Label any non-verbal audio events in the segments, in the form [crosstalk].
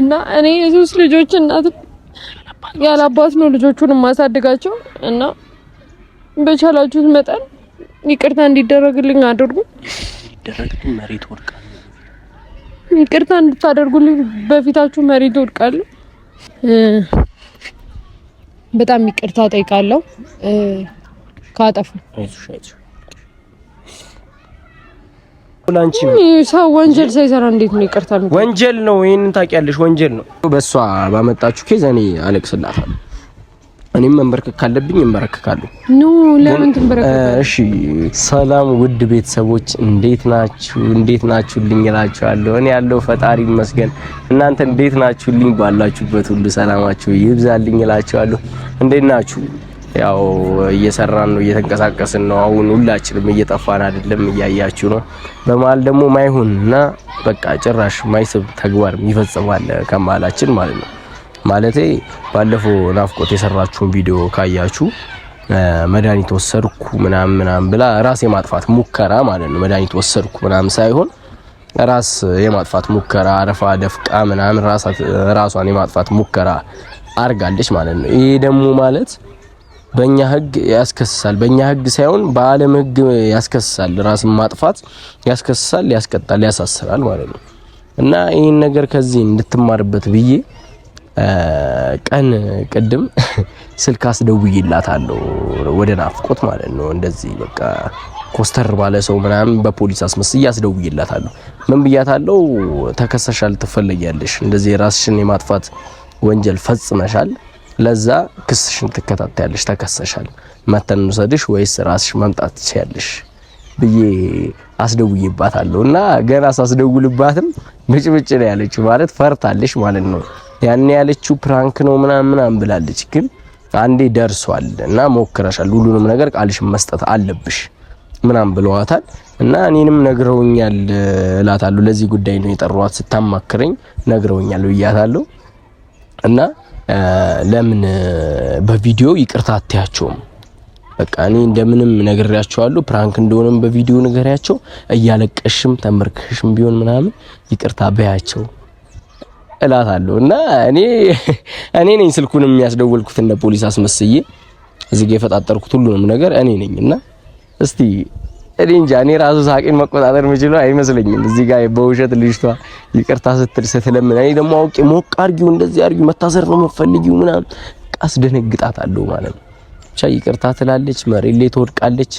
እና እኔ የሶስት ልጆች እናት ያላባት ነው ልጆቹን ማሳደጋቸው እና በቻላችሁት መጠን ይቅርታ እንዲደረግልኝ አድርጉ። መሬት ወድቃለሁ። ይቅርታ እንድታደርጉልኝ በፊታችሁ መሬት ወድቃለሁ። በጣም ይቅርታ ጠይቃለሁ ካጠፉ ሰው ወንጀል ሳይሰራ እንዴት ነው ይቅርታ? ወንጀል ነው፣ ይሄንን ታውቂያለሽ፣ ወንጀል ነው። በእሷ ባመጣችሁ ኬዝ እኔ አለቅስላታለሁ። እኔም መንበርከክ ካለብኝ እንበረከካለሁ። ኖ ለምን ትንበረከካለህ? እሺ ሰላም ውድ ቤተሰቦች እንዴት ናችሁ? እንዴት ናችሁልኝ እላችኋለሁ። እኔ ያለው ፈጣሪ ይመስገን፣ እናንተ እንዴት ናችሁልኝ? ባላችሁበት ሁሉ ሰላማችሁ ይብዛልኝ እላችኋለሁ። እንዴት ናችሁ? ያው እየሰራን ነው፣ እየተንቀሳቀስን ነው። አሁን ሁላችንም እየጠፋን አይደለም፣ እያያችሁ ነው። በመሀል ደግሞ ማይሆን እና በቃ ጭራሽ ማይስብ ተግባር ይፈጽማል ከመሀላችን ማለት ነው። ማለቴ ባለፈው ናፍቆት የሰራችሁን ቪዲዮ ካያችሁ መድኃኒት ወሰድኩ ምናምን ምናምን ብላ ራስ የማጥፋት ሙከራ ማለት ነው። መድኃኒት ወሰድኩ ምናምን ሳይሆን ራስ የማጥፋት ሙከራ አረፋ ደፍቃ ምናምን ራሷን የማጥፋት ሙከራ አርጋለች ማለት ነው። ይሄ ደግሞ ማለት በእኛ ህግ ያስከስሳል። በእኛ ህግ ሳይሆን በዓለም ህግ ያስከስሳል። ራስን ማጥፋት ያስከስሳል፣ ያስቀጣል፣ ያሳስራል ማለት ነው። እና ይህን ነገር ከዚህ እንድትማርበት ብዬ ቀን ቅድም [laughs] ስልክ አስደውዬላታለሁ ወደ ናፍቆት ማለት ነው። እንደዚህ በቃ ኮስተር ባለ ሰው ምናምን በፖሊስ አስመስዬ አስደውዬላታለሁ። ምን ብያታለሁ? ተከሰሻል፣ ትፈለጊያለሽ፣ እንደዚህ ራስሽን የማጥፋት ወንጀል ፈጽመሻል ለዛ ክስሽን ትከታተያለሽ። ተከሰሻል መተን እንውሰድሽ ወይስ ራስሽ መምጣት ትችያለሽ ብዬ አስደውዬባታለሁ እና ገና ሳስደውልባትም ብጭብጭ ነው ያለችው። ማለት ፈርታለሽ ማለት ነው። ያን ያለችው ፕራንክ ነው ምናምን ምናምን ብላለች። ግን አንዴ ደርሷል እና ሞክረሻል፣ ሁሉንም ነገር ቃልሽ መስጠት አለብሽ ምናምን ብለዋታል እና እኔንም ነግረውኛል እላታለሁ። ለዚህ ጉዳይ ነው የጠሯት ስታማክረኝ ነግረውኛል ብያታለሁ እና ለምን በቪዲዮ ይቅርታ አትያቸውም? በቃ እኔ እንደምንም ነግሬያቸዋለሁ። ፕራንክ እንደሆነም በቪዲዮ ንገሪያቸው። እያለቀሽም ተመርክሽም ቢሆን ምናምን ይቅርታ በያቸው እላታለሁ። እና እኔ [laughs] እኔ ነኝ ስልኩንም የሚያስደወልኩት እንደ ፖሊስ አስመስዬ እዚህ ጋር የፈጣጠርኩት ሁሉንም ነገር እኔ ነኝ እና እስቲ እኔ እንጃ እኔ ራሱ ሳቂን መቆጣጠር የምችለው አይመስለኝም። እዚህ ጋር በውሸት ልጅቷ ይቅርታ ስትል ስትለምን እኔ ደግሞ አውቄ ሞቅ አድርጊው እንደዚህ አድርጊው መታሰር ነው የምትፈልጊው ምናምን አስደነግጣታለሁ ማለት ነው። ብቻ ይቅርታ ትላለች፣ መሬት ላይ ትወድቃለች፣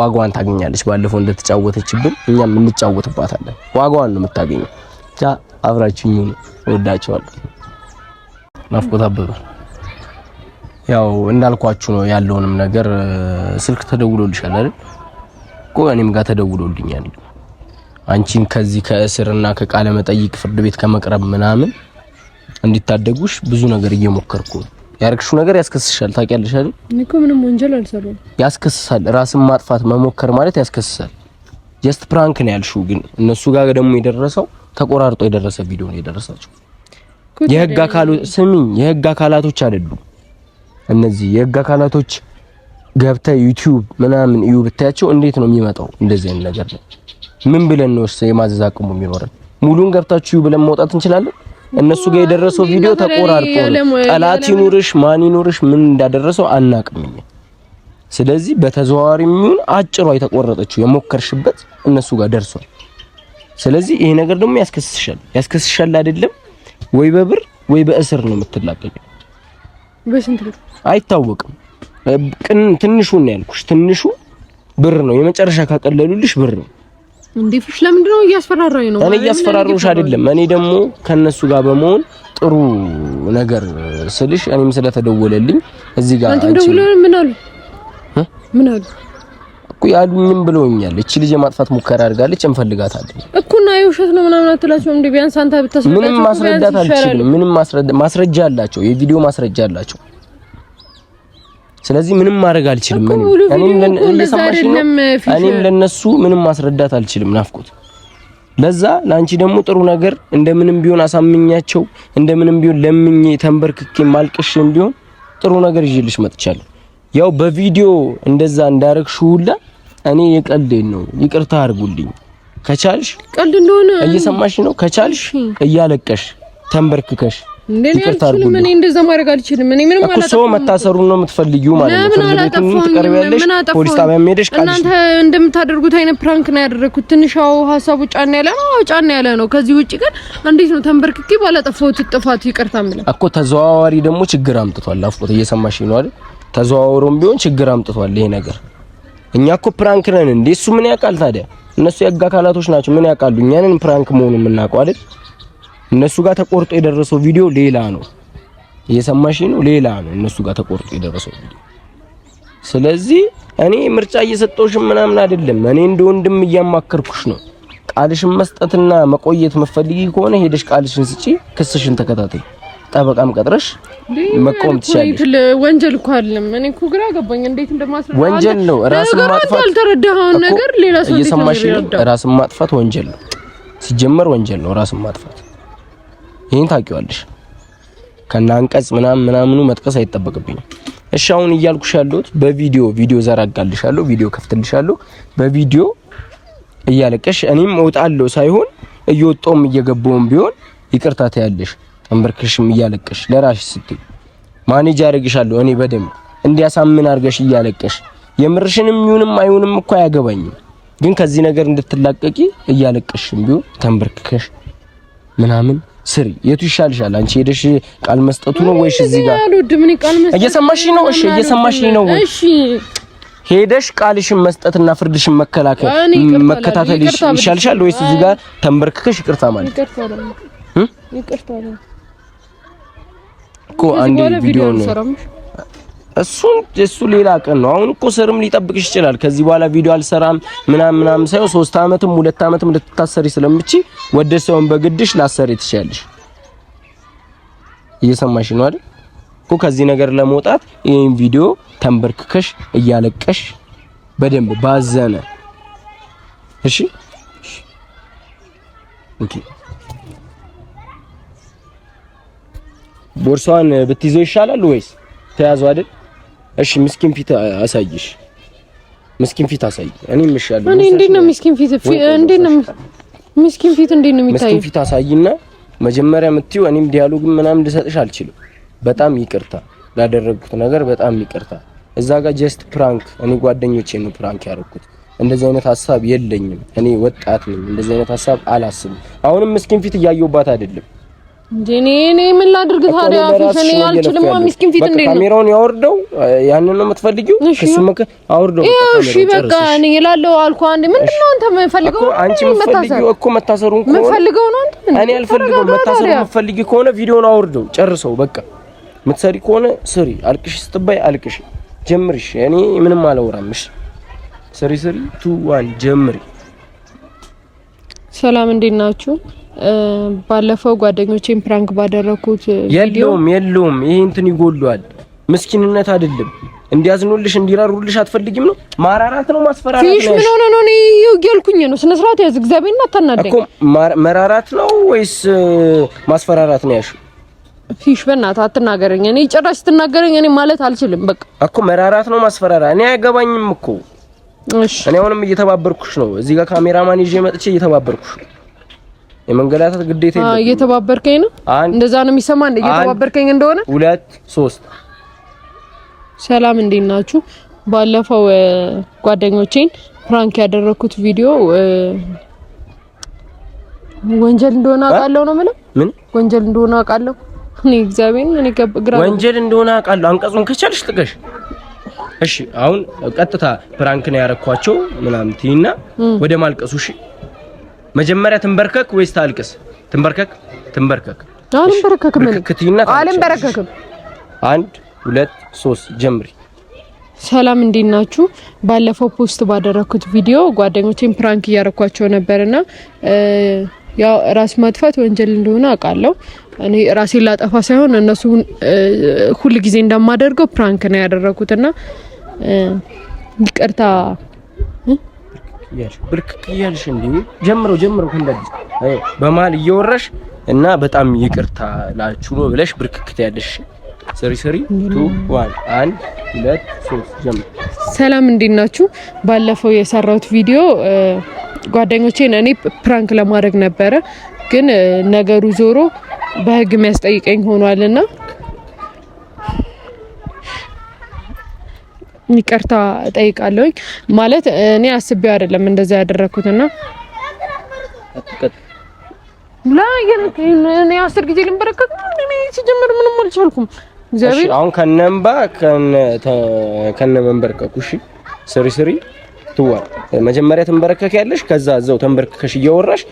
ዋጋዋን ታገኛለች። ባለፈው እንደተጫወተችብን እኛም እንጫወትባታለን። ዋጋዋን ነው የምታገኘው። ብቻ አብራችሁኝ ሁኑ። እወዳቸዋለሁ። ናፍቆት አበበ ያው እንዳልኳችሁ ነው ያለውንም ነገር ስልክ ተደውሎልሻል አይደል? እኮ እኔም ጋር ተደውሎልኛል። አንቺን ከዚህ ከእስርና ከቃለ መጠይቅ ፍርድ ቤት ከመቅረብ ምናምን እንዲታደጉሽ ብዙ ነገር እየሞከርኩ ነው። ያርክሹ ነገር ያስከስሻል። ታውቂያለሽ አይደል? እኮ ምንም ወንጀል አልሰራም። ያስከስሳል። ራስን ማጥፋት መሞከር ማለት ያስከስሳል። ጀስት ፕራንክ ነው ያልሽው፣ ግን እነሱ ጋር ደግሞ የደረሰው ተቆራርጦ የደረሰ ቪዲዮ ነው የደረሳቸው። የህግ አካሉ ስሚኝ፣ የህግ አካላቶች አይደሉም እነዚህ የህግ አካላቶች ገብተ ዩቲዩብ ምናምን እዩ ብታያቸው እንዴት ነው የሚመጣው? እንደዚህ አይነት ነገር ነው። ምን ብለን ነው የማዘዝ አቅሙ የሚኖረን? ሙሉን ገብታችሁ እዩ ብለን መውጣት እንችላለን? እነሱ ጋር የደረሰው ቪዲዮ ተቆራርጦ ጠላት ይኑርሽ ማን ይኑርሽ ምን እንዳደረሰው አናቅም። ስለዚህ በተዘዋዋሪ የሚሆን አጭሯ የተቆረጠችው የሞከርሽበት እነሱ ጋር ደርሷል። ስለዚህ ይሄ ነገር ደግሞ ያስከስሻል። ያስከስሻል አይደለም ወይ? በብር ወይ በእስር ነው የምትላቀቂው። አይታወቅም ቅን ትንሹ ነው ያልኩሽ። ትንሹ ብር ነው የመጨረሻ ካቀለሉልሽ ብር ነው። እንዴ ፍሽ ለምንድን ነው እያስፈራራኝ ነው? እኔ እያስፈራራሁሽ አይደለም። እኔ ደግሞ ከነሱ ጋር በመሆን ጥሩ ነገር ስልሽ እኔም ስለተደወለልኝ እዚህ ጋር አንቺ ደውለህ ምን አሉ? ምን አሉ እኮ ያሉኝም ብለውኛል። እቺ ልጅ የማጥፋት ሙከራ አድርጋለች፣ እንፈልጋታለን እኮ እና የውሸት ነው ምናምን አትላቸው እንዴ? ቢያንስ አንተ ብታስረዳቸው። ምንም ማስረዳት አልችልም። ምንም ማስረጃ አላቸው፣ የቪዲዮ ማስረጃ አላቸው። ስለዚህ ምንም ማድረግ አልችልም። እኔም ለነሱ ምንም ማስረዳት አልችልም ናፍቆት። ለዛ ለአንቺ ደግሞ ጥሩ ነገር እንደምንም ቢሆን አሳምኛቸው፣ እንደምንም ቢሆን ለምኜ ተንበርክኬ ማልቅሽም ቢሆን ጥሩ ነገር ይዤልሽ መጥቻለሁ። ያው በቪዲዮ እንደዛ እንዳረግሽ ሁላ እኔ የቀልዴን ነው፣ ይቅርታ አድርጉልኝ። ከቻልሽ ቀልድ እንደሆነ እየሰማሽ ነው። ከቻልሽ እያለቀሽ ተንበርክከሽ እንደዛ ማድረግ አልችልም። እኔ ምንም አላጠፋሁም እኮ ሰው መታሰሩን ነው የምትፈልጊው ማለት ነው። ፖሊስ ጣቢያ ሄደሽ እናንተ እንደምታደርጉት አይነት ፕራንክ ነው ያደረኩት። ትንሽ ሀሳቡ ጫና ያለ ነው፣ ጫና ያለ ነው። ከዚህ ውጪ ግን እንዴት ነው ተንበርክኬ ባላጠፋሁት ጥፋት ይቅርታ የምልህ እኮ። ተዘዋዋሪ ደግሞ ችግር አምጥቷል። አፍቆት እየሰማሽ ነው አይደል? ተዘዋውሮም ቢሆን ችግር አምጥቷል ይሄ ነገር። እኛ እኮ ፕራንክ ነን እንዴ? እሱ ምን ያውቃል ታዲያ? እነሱ የህግ አካላቶች ናቸው ምን ያውቃሉ? እኛንን ፕራንክ መሆኑን የምናውቀው አይደል? እነሱ ጋር ተቆርጦ የደረሰው ቪዲዮ ሌላ ነው። እየሰማሽ ነው? ሌላ ነው እነሱ ጋር ተቆርጦ የደረሰው ቪዲዮ። ስለዚህ እኔ ምርጫ እየሰጠሁሽ ምናምን አይደለም። እኔ እንደ ወንድም እያማከርኩሽ ነው። ቃልሽን መስጠትና መቆየት መፈልጊ ከሆነ ሄደሽ ቃልሽን ስጪ፣ ክስሽን ተከታተይ፣ ጠበቃም ቀጥረሽ መቆም ትችላለሽ። ወንጀል እኮ አይደለም። እኔ እኮ ግራ ገባኝ፣ እንዴት እንደማስረዳ ወንጀል ነው። ራስን ማጥፋት አልተረዳኸውን ነገር ሌላ ሰው እየሰማሽ ነው። ራስን ማጥፋት ወንጀል ነው፣ ሲጀመር ወንጀል ነው ራስን ማጥፋት ይህን ታውቂዋለሽ። ከና አንቀጽ ምናምን ምናምኑ መጥቀስ አይጠበቅብኝም። እሺ አሁን እያልኩሽ ያለሁት በቪዲዮ ቪዲዮ ዘራጋልሻለሁ፣ ቪዲዮ ከፍትልሻለሁ። በቪዲዮ እያለቀሽ እኔም እወጣለሁ ሳይሆን እየወጣውም እየገባውም ቢሆን ይቅርታ ታያለሽ። ተንበርክሽም እያለቀሽ ለራሽ ስትይ ማኔጅ አደርግሻለሁ እኔ በደንብ እንዲያሳምን አድርገሽ እያለቀሽ የምርሽንም ይሁንም አይሁንም እኮ አያገባኝም። ግን ከዚህ ነገር እንድትላቀቂ እያለቀሽም ቢሆን ተንበርክከሽ ምናምን ስሪ የቱ ይሻልሻል? አንቺ ሄደሽ ቃል መስጠቱ ነው ወይስ እዚህ ጋር? እየሰማሽኝ ነው? እሺ፣ እየሰማሽኝ ነው? እሺ፣ ሄደሽ ቃልሽን መስጠትና ፍርድሽን መከላከል መከታተል ይሻልሻል ወይስ እዚህ ጋር ተንበርክከሽ ይቅርታ ማለት? ይቅርታ ነው እኮ አንዴ ቪዲዮ ነው እሱን እሱ ሌላ ቀን ነው። አሁን እኮ ስርም ሊጠብቅሽ ይችላል። ከዚህ በኋላ ቪዲዮ አልሰራም ምናም ምናም ሳይሆን ሶስት አመትም ሁለት አመትም ልትታሰሪ ስለምቺ ወደ ሰውን በግድሽ ላሰሪ ትችያለሽ። እየሰማሽ ነው አይደል እኮ ከዚህ ነገር ለመውጣት ይሄን ቪዲዮ ተንበርክከሽ እያለቀሽ በደንብ ባዘነ እሺ ኦኬ ቦርሳዋን ብትይዘው ይሻላል ወይስ ተያዙ አይደል እሺ ምስኪን ፊት አሳይሽ፣ ምስኪን ፊት አሳይ። እኔ እምሻለሁ። እኔ እንዴት ነው ምስኪን ፊት እንዴት ነው ምስኪን ፊት እንዴት ነው የሚታየው? ምስኪን ፊት አሳይና መጀመሪያ የምትይው እኔም ዲያሎግም ምናምን ልሰጥሽ አልችልም። በጣም ይቅርታ ላደረግኩት ነገር በጣም ይቅርታ። እዛ ጋር ጀስት ፕራንክ፣ እኔ ጓደኞቼ ነው ፕራንክ ያደረኩት። እንደዚህ አይነት ሀሳብ የለኝም። እኔ ወጣት ነኝ። እንደዚህ አይነት ሀሳብ አላስብም። አሁንም ምስኪን ፊት እያየሁባት አይደለም እኔ እኔ ምን ላድርግ ታዲያ? ፊትን አልችልም። ምስኪን ፊት እንዴት ነው? ካሜራውን ያወርደው። ያንን ነው የምትፈልጊው? ከሱ መከ አውርደው። እሺ በቃ እኔ እላለሁ አልኩ። አንዴ ምንድን ነው አንተ የምፈልገው? አንቺ የምትፈልጊው እኮ መታሰሩን ከሆነ የምፈልገው ነው። አንተ እኔ አልፈልገው። መታሰሩን የምትፈልጊ ከሆነ ቪዲዮውን አውርደው ጨርሰው። በቃ የምትሰሪ ከሆነ ስሪ። አልቅሽ ስትባይ አልቅሽ፣ ጀምርሽ። እኔ ምንም አላወራም። እሺ ስሪ ስሪ። ቱ ዋን ጀምሪ። ሰላም እንዴት ናችሁ? ባለፈው ጓደኞቼን ፕራንክ ባደረኩት የለውም የለውም። ይሄ እንትን ይጎሏል። ምስኪንነት አይደለም። እንዲያዝኑልሽ እንዲራሩልሽ አትፈልጊም ነው? ማራራት ነው ማስፈራራት ነው? ምን ሆነ ነው? እኔ እያልኩኝ ነው። ስነ ስርዓት ያዝ። እግዚአብሔርን አታናደኝ እኮ። መራራት ነው ወይስ ማስፈራራት ነው ያልሽው? ፊሽ በእናትህ አትናገረኝ። እኔ ጭራሽ ስትናገረኝ እኔ ማለት አልችልም። በቃ እኮ መራራት ነው ማስፈራራ። እኔ አያገባኝም እኮ። እሺ እኔ አሁንም እየተባበርኩሽ ነው። እዚህ ጋር ካሜራማን ይዤ መጥቼ እየተባበርኩሽ የመንገላታት ግዴታ የለም። እየተባበርከኝ ነው። እንደዛ ነው የሚሰማን፣ እየተባበርከኝ እንደሆነ። ሁለት ሶስት። ሰላም እንዴት ናችሁ? ባለፈው ጓደኞቼን ፕራንክ ያደረኩት ቪዲዮ ወንጀል እንደሆነ አውቃለሁ ነው የምለው። ምን ወንጀል እንደሆነ አውቃለሁ እኔ እግዚአብሔር ምን ግራ ወንጀል እንደሆነ አውቃለሁ። አንቀጹን ከቻልሽ ጥቀሽ። እሺ አሁን ቀጥታ ፕራንክ ነው ያረኳቸው ምናምን ትይና ወደ ማልቀሱ እሺ መጀመሪያ ትንበርከክ ወይስ ታልቅስ? ትንበርከክ ትንበርከክ። አልንበረከክም፣ አልንበረከክም። አንድ ሁለት ሶስት ጀምሪ። ሰላም እንዴት ናችሁ? ባለፈው ፖስት ባደረኩት ቪዲዮ ጓደኞቼን ፕራንክ እያረኳቸው ነበርና ያው ራስ ማጥፋት ወንጀል እንደሆነ አውቃለሁ። እኔ ራሴን ላጠፋ ሳይሆን እነሱ ሁል ጊዜ እንደማደርገው ፕራንክ ነው ያደረኩትና ይቅርታ እያልሽ ብርክክ እያልሽ እንዴ! ጀምሮ ጀምሮ ከእንዳዲስ በመሀል እየወረሽ እና በጣም ይቅርታ ላችሁ ነው ብለሽ ብርክክት ያለሽ ስሪ ስሪ ቱ ዋን አንድ ሁለት ሶስት ጀምር። ሰላም እንዴት ናችሁ? ባለፈው የሰራሁት ቪዲዮ ጓደኞቼን እኔ ፕራንክ ለማድረግ ነበረ፣ ግን ነገሩ ዞሮ በህግ የሚያስጠይቀኝ ሆኗልና ይቅርታ ጠይቃለሁኝ። ማለት እኔ አስቤ አይደለም እንደዛ ያደረኩትና ላይ አስር ጊዜ ልንበረከክ ሲጀምር ምንም አልቻልኩም። እግዚአብሔር አሁን ከነምባ ከነ መንበርከኩ እሺ፣ ስሪ ስሪ ትዋ መጀመሪያ ትንበረከክ ያለሽ ከዛ እዛው ተንበረከከሽ እያወራሽ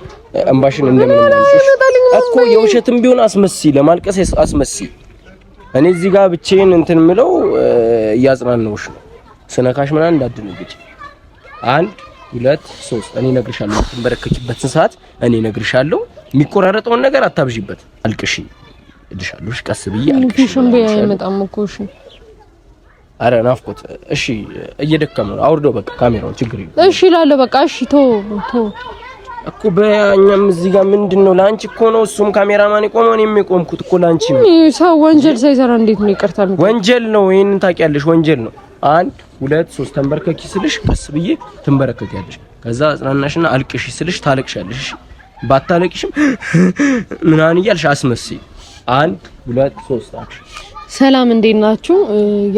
እንባሽን እንደምንላሽ እኮ የውሸትም ቢሆን አስመሲ ለማልቀስ አስመሲ እኔ እዚህ ጋር ብቻዬን እንትን ምለው እያጽናናሁሽ ነው። ስነካሽ ምናምን እንዳትደነግጭ። አንድ ሁለት ሶስት እኔ እነግርሻለሁ። ትንበረከኪበትን ሰዓት እኔ እነግርሻለሁ። የሚቆራረጠውን ነገር አታብዢበት። አልቅሽ እልሻለሁ። እሺ፣ ቀስ ብዬ አልቅሽ። አይመጣም እኮ እሺ። አረ ናፍቆት፣ እሺ። እየደከመ ነው። አውርደው በቃ ካሜራውን። ችግር የለም እሺ። እላለሁ በቃ እሺ። ቶ ቶ እኮ በእኛም እዚህ ጋር ምንድን ነው? ለአንቺ እኮ ነው እሱም ካሜራማን የቆመው እኔም የሚቆምኩት እኮ ለአንቺ ነው። ሰው ወንጀል ሳይሰራ እንዴት ነው ይቅርታ? ወንጀል ነው፣ ይሄንን ታውቂያለሽ፣ ወንጀል ነው። አንድ ሁለት ሶስት ተንበርከኪ ስልሽ ቀስ ብዬ ትንበረከኪያለሽ። ከዛ አጽናናሽና አልቅሽ ስልሽ ታለቅሻለሽ። ባታለቅሽም [gasps] ምናምን እያልሽ አስመስይ። አንድ ሁለት ሶስት አክሽ ሰላም እንዴት ናችሁ?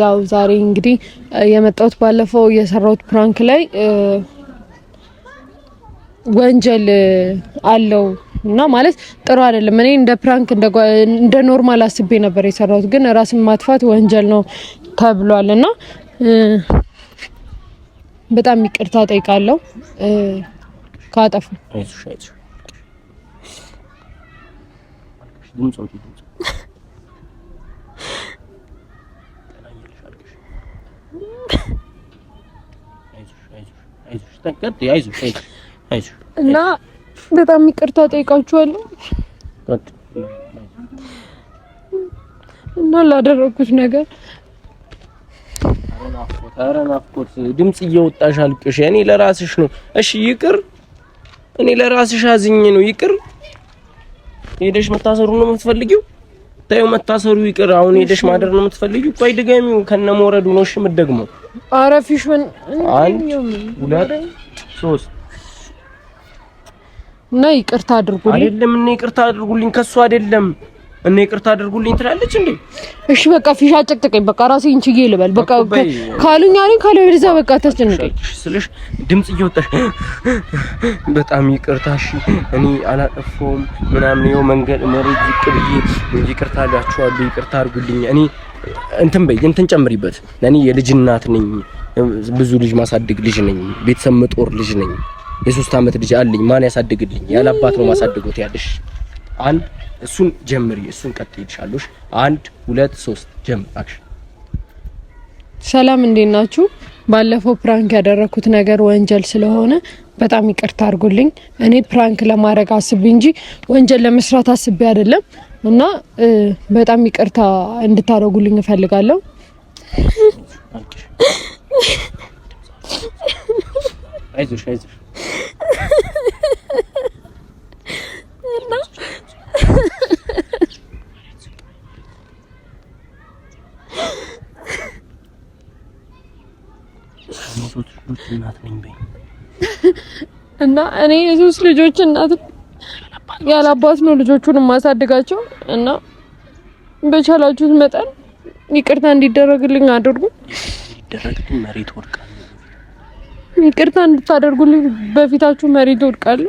ያው ዛሬ እንግዲህ የመጣሁት ባለፈው የሰራሁት ፕራንክ ላይ ወንጀል አለው እና ማለት ጥሩ አይደለም። እኔ እንደ ፕራንክ እንደ ኖርማል አስቤ ነበር የሰራሁት፣ ግን ራስን ማጥፋት ወንጀል ነው ተብሏል እና በጣም ይቅርታ ጠይቃለሁ ካጠፉ አይዞሽ አይዞሽ አይዞሽ እና በጣም ይቅርታ ጠይቃችኋለሁ እና ላደረኩት ነገር ኧረ ናፍቆት ድምፅ እየወጣሽ አልቅሽ። እኔ ለራስሽ ነው። እሺ ይቅር። እኔ ለራስሽ አዝኝ ነው። ይቅር። ሄደሽ መታሰሩ ነው የምትፈልጊው? ታዩ መታሰሩ ይቅር። አሁን ሄደሽ ማደር ነው የምትፈልጊው? ቆይ ድጋሚው ከነመውረዱ ነው። እሺ የምትደግመው? አረፊሽ ፊሽ ምን አንድ ሁለት ሶስት እና ይቅርታ አድርጉልኝ። አይደለም እና ይቅርታ አድርጉልኝ ከሱ አይደለም እና ይቅርታ አድርጉልኝ ትላለች እንዴ? እሺ በቃ ፊሻ ጨቅጨቀኝ። በቃ ራሴ እንችዬ ልበል በቃ ካሉኝ አሉኝ፣ ካለ ወደዛ በቃ ተጨነቀኝ ስልሽ ድምጽ እየወጣሽ በጣም ይቅርታ እሺ፣ እኔ አላጠፋሁም ምናምን ነው መንገድ መሬት ዝቅ ብዬ እንጂ ይቅርታ አላችኋለሁ፣ ይቅርታ አድርጉልኝ። እኔ እንትን በይ እንትን ጨምሪበት። እኔ የልጅ እናት ነኝ፣ ብዙ ልጅ ማሳደግ ልጅ ነኝ፣ ቤተሰብ መጦር ልጅ ነኝ። የሶስት ዓመት ልጅ አለኝ። ማን ያሳድግልኝ? ያለ አባት ነው ማሳደጎት ያለሽ። አንድ እሱን ጀምሪ፣ እሱን ቀጥይልሻለሽ። አንድ ሁለት ሶስት ጀምር አክሽን። ሰላም እንዴት ናችሁ? ባለፈው ፕራንክ ያደረኩት ነገር ወንጀል ስለሆነ በጣም ይቅርታ አድርጉልኝ። እኔ ፕራንክ ለማድረግ አስቤ እንጂ ወንጀል ለመስራት አስቤ አይደለም እና በጣም ይቅርታ እንድታደርጉልኝ እፈልጋለሁ። አይዞሽ አይዞሽ እና እኔ የሶስት ልጆች እናት ያላባት ነው ልጆቹን የማሳድጋቸው እና በቻላችሁት መጠን ይቅርታ እንዲደረግልኝ አድርጉ። ይቅርታ እንድታደርጉልኝ በፊታችሁ መሬት ወድቃለሁ።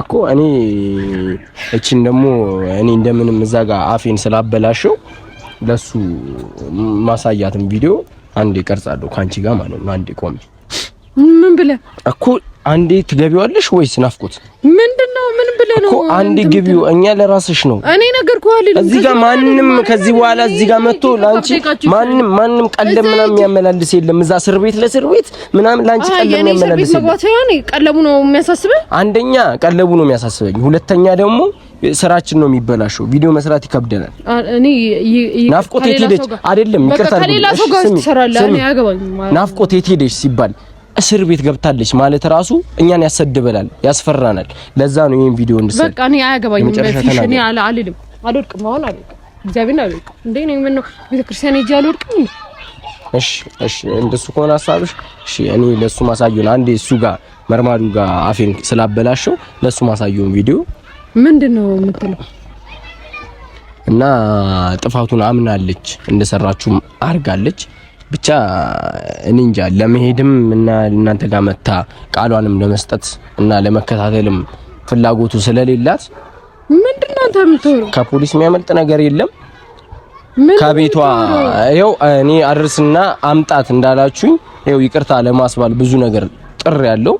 እኮ እኔ እቺን ደግሞ እኔ እንደምንም እዛ ጋር አፌን ስላበላሸው ለሱ ማሳያትም ቪዲዮ አንድ ቀርጻለሁ ካንቺ ጋር ማለት ነው። አንድ ቆሜ ምን ብለ እኮ አንዴ ትገቢዋለሽ ወይስ ናፍቆት ምንድነው? ምን ብለ ነው እኮ አንዴ ግቢው። እኛ ለራስሽ ነው። እኔ ነገርኩህ አይደል? እዚህ ጋር ማንም ከዚህ በኋላ እዚህ ጋር መጥቶ ላንቺ ማንም ማንም ቀለም ምናምን የሚያመላልስ የለም። እዛ እስር ቤት ለእስር ቤት ምናምን ላንቺ ቀለም የሚያመላልስ የለም። ቀለቡ ነው የሚያሳስበኝ። አንደኛ ቀለቡ ነው የሚያሳስበኝ፣ ሁለተኛ ደግሞ ስራችን ነው የሚበላሸው። ቪዲዮ መስራት ይከብደናል። እኔ ናፍቆት የት ሄደች አይደለም፣ ይቅርታ፣ ከሌላ ሰው ጋር ትሰራለህ። እኔ አያገባኝም። ናፍቆት የት ሄደች ሲባል እስር ቤት ገብታለች ማለት ራሱ እኛን ያሰድበናል፣ ያስፈራናል። ለዛ ነው ይሄን ቪዲዮ እንድሰራ በቃ እኔ አያገባኝም። ፊሽ እኔ አልልም፣ አልወድቅም፣ አሁን አልወድቅም፣ እግዚአብሔር አልወድቅም። እንዴ ነው ምን ነው ክርስቲያን ሄጄ አልወድቅም። እሺ፣ እሺ፣ እንደሱ ከሆነ ሀሳብሽ እሺ። እኔ ለሱ ማሳየውን አንዴ እሱ ጋር መርማሪው ጋር አፌን ስላበላሸው ለሱ ማሳየውን ቪዲዮ ምንድን ነው የምትለው? እና ጥፋቱን አምናለች እንደሰራችሁም አርጋለች ብቻ እኔ እንጃ ለመሄድም እና እናንተ ጋር መታ ቃሏንም ለመስጠት እና ለመከታተልም ፍላጎቱ ስለሌላት ምንድን ነው የምትሆነው? ከፖሊስ የሚያመልጥ ነገር የለም። ከቤቷ ይኸው እኔ አድርስና አምጣት እንዳላችሁኝ ይኸው ይቅርታ ለማስባል ብዙ ነገር ጥር ያለው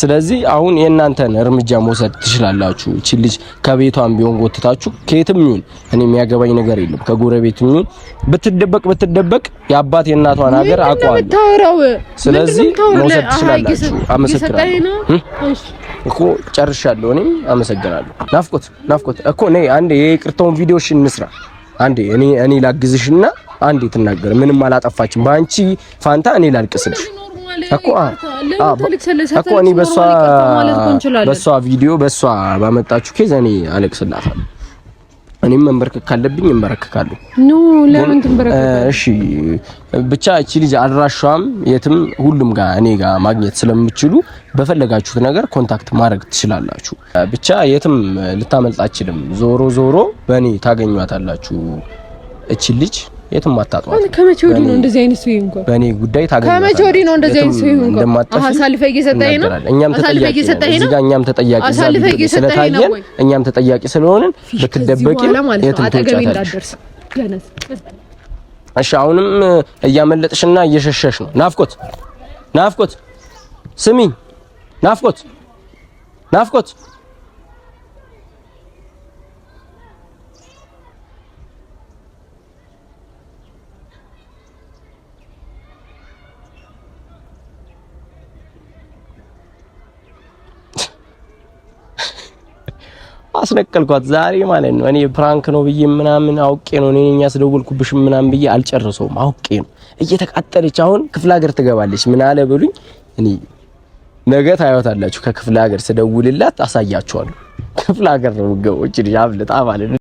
ስለዚህ አሁን የእናንተን እርምጃ መውሰድ ትችላላችሁ። እቺ ልጅ ከቤቷም ቢሆን ጎትታችሁ ከየትም ይሁን እኔ የሚያገባኝ ነገር የለም ከጎረቤት ይሁን ብትደበቅ ብትደበቅ የአባት የእናቷን ሀገር አውቀዋለሁ። ስለዚህ መውሰድ ትችላላችሁ። አመሰግናለሁ እኮ ጨርሻለሁ። እኔም አመሰግናለሁ። ናፍቆት ናፍቆት እኮ ነይ አንዴ የይቅርታውን ቪዲዮሽ እንስራ አንዴ እኔ እኔ ላግዝሽና አንዴ ትናገር። ምንም አላጠፋችም። በአንቺ ፋንታ እኔ ላልቅስልሽ እኮ እኔ በሷ በሷ ቪዲዮ በሷ ባመጣችሁ ኬዝ እኔ አለቅስላታለሁ። እኔም መንበርከክ ካለብኝ እንበረከካለሁ። ኖ ለምን ትንበረከካለህ? እሺ ብቻ እቺ ልጅ አድራሿም የትም ሁሉም ጋር እኔ ጋር ማግኘት ስለምችሉ በፈለጋችሁት ነገር ኮንታክት ማድረግ ትችላላችሁ። ብቻ የትም ልታመልጣችልም ዞሮ ዞሮ በእኔ ታገኟታላችሁ እቺ ልጅ የትም አታጧት። ከመቼ ወዲህ ነው እንደዚህ አይነት ሰው ይሁን? በእኔ ጉዳይ ታገኘ ከመቼ ወዲህ ነው እንደዚህ አይነት ሰው ይሁን? አሳልፈ እየሰጠኸኝ ነው። እኛም ተጠያቂ ነው እዚህ ጋር እኛም ተጠያቂ ነው። እኛም ተጠያቂ ስለሆንን ብትደበቂ የትም ትወጫታለሽ። እሺ አሁንም እያመለጥሽና እየሸሸሽ ነው። ናፍቆት ናፍቆት፣ ስሚ ናፍቆት ናፍቆት አስነቀልኳት ዛሬ ማለት ነው። እኔ ፕራንክ ነው ብዬ ምናምን አውቄ ነው እኔ እኛ ስደወልኩብሽ ምናምን ብዬ አልጨርሰውም አውቄ ነው። እየተቃጠለች አሁን ክፍለ ሀገር ትገባለች። ምን አለ ብሉኝ፣ እኔ ነገ ታዩታላችሁ። ከክፍለ ሀገር ስደውልላት አሳያችኋለሁ። ክፍለ ሀገር ነው ገቦች ልጅ አብልጣ ማለት ነው።